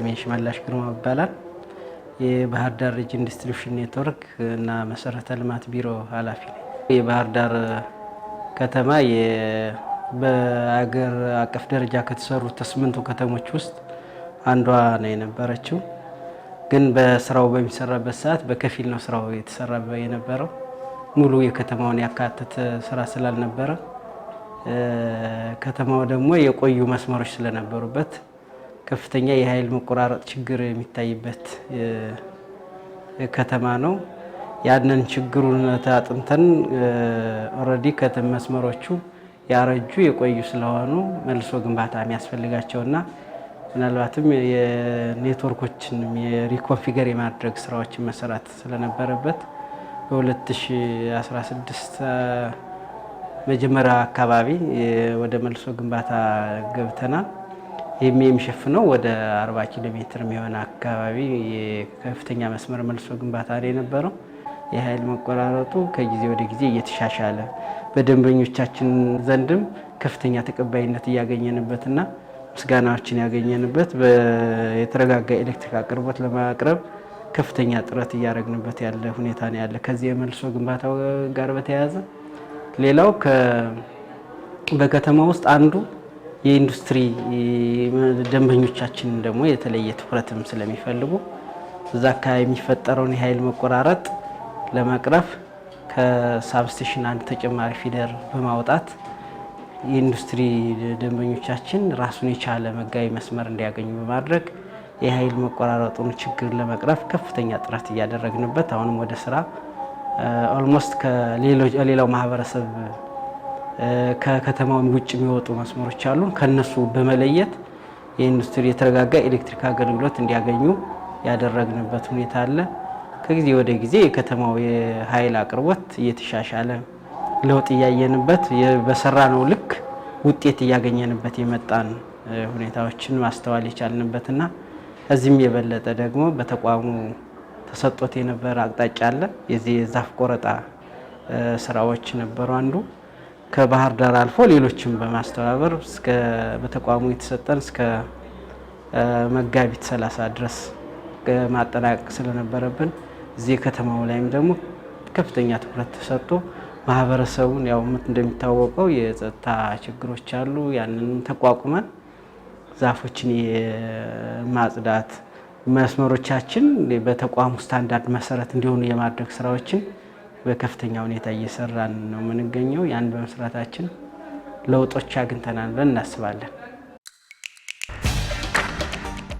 ስሜ ሽመላሽ ግርማ ይባላል። የባህር ዳር ሪጅን ዲስትሪቢሽን ኔትወርክ እና መሰረተ ልማት ቢሮ ኃላፊ የባህር ዳር ከተማ በአገር አቀፍ ደረጃ ከተሰሩት ስምንቱ ከተሞች ውስጥ አንዷ ነው የነበረችው። ግን በስራው በሚሰራበት ሰዓት በከፊል ነው ስራው የተሰራ የነበረው። ሙሉ የከተማውን ያካተተ ስራ ስላልነበረ ከተማው ደግሞ የቆዩ መስመሮች ስለነበሩበት ከፍተኛ የኃይል መቆራረጥ ችግር የሚታይበት ከተማ ነው። ያንን ችግሩን አጥንተን ኦልሬዲ ከተማ መስመሮቹ ያረጁ የቆዩ ስለሆኑ መልሶ ግንባታ የሚያስፈልጋቸውና ምናልባትም የኔትወርኮችን የሪኮንፊገር የማድረግ ስራዎችን መሰራት ስለነበረበት በ2016 መጀመሪያ አካባቢ ወደ መልሶ ግንባታ ገብተናል። የሚሸፍነው ወደ 40 ኪሎ ሜትር የሚሆን አካባቢ የከፍተኛ መስመር መልሶ ግንባታ ላይ የነበረው የኃይል መቆራረጡ ከጊዜ ወደ ጊዜ እየተሻሻለ በደንበኞቻችን ዘንድም ከፍተኛ ተቀባይነት እያገኘንበትና ምስጋናዎችን ያገኘንበት የተረጋጋ ኤሌክትሪክ አቅርቦት ለማቅረብ ከፍተኛ ጥረት እያደረግንበት ያለ ሁኔታ ነው ያለ። ከዚህ የመልሶ ግንባታው ጋር በተያያዘ ሌላው በከተማ ውስጥ አንዱ የኢንዱስትሪ ደንበኞቻችን ደግሞ የተለየ ትኩረትም ስለሚፈልጉ እዛ አካባቢ የሚፈጠረውን የኃይል መቆራረጥ ለመቅረፍ ከሳብስቴሽን አንድ ተጨማሪ ፊደር በማውጣት የኢንዱስትሪ ደንበኞቻችን ራሱን የቻለ መጋቢ መስመር እንዲያገኙ በማድረግ የኃይል መቆራረጡን ችግር ለመቅረፍ ከፍተኛ ጥረት እያደረግንበት አሁንም ወደ ስራ ኦልሞስት ከሌላው ማህበረሰብ ከከተማው ውጭ የሚወጡ መስመሮች አሉ። ከነሱ በመለየት የኢንዱስትሪ የተረጋጋ ኤሌክትሪክ አገልግሎት እንዲያገኙ ያደረግንበት ሁኔታ አለ። ከጊዜ ወደ ጊዜ የከተማው የኃይል አቅርቦት እየተሻሻለ ለውጥ እያየንበት በሰራ ነው ልክ ውጤት እያገኘንበት የመጣን ሁኔታዎችን ማስተዋል የቻልንበትና ከዚህም የበለጠ ደግሞ በተቋሙ ተሰጥቶት የነበረ አቅጣጫ አለ። የዚህ የዛፍ ቆረጣ ስራዎች ነበሩ አንዱ ከባህር ዳር አልፎ ሌሎችም በማስተባበር በተቋሙ የተሰጠን እስከ መጋቢት ሰላሳ ድረስ ማጠናቀቅ ስለነበረብን እዚህ ከተማው ላይም ደግሞ ከፍተኛ ትኩረት ተሰጥቶ ማህበረሰቡን ያው እንደሚታወቀው የጸጥታ ችግሮች አሉ። ያንን ተቋቁመን ዛፎችን የማጽዳት መስመሮቻችን በተቋሙ ስታንዳርድ መሰረት እንዲሆኑ የማድረግ ስራዎችን በከፍተኛ ሁኔታ እየሰራን ነው የምንገኘው። ያን በመስራታችን ለውጦች አግኝተናል ብለን እናስባለን።